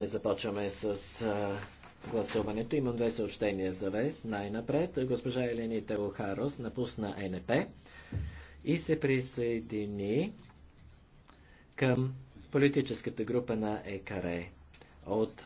Започваме с гласуването. Имам две съобщения за вест. Най-напред, госпожа Елени Теохарос напусна НП и се присъедини към политическата група на ЕКАРЕ от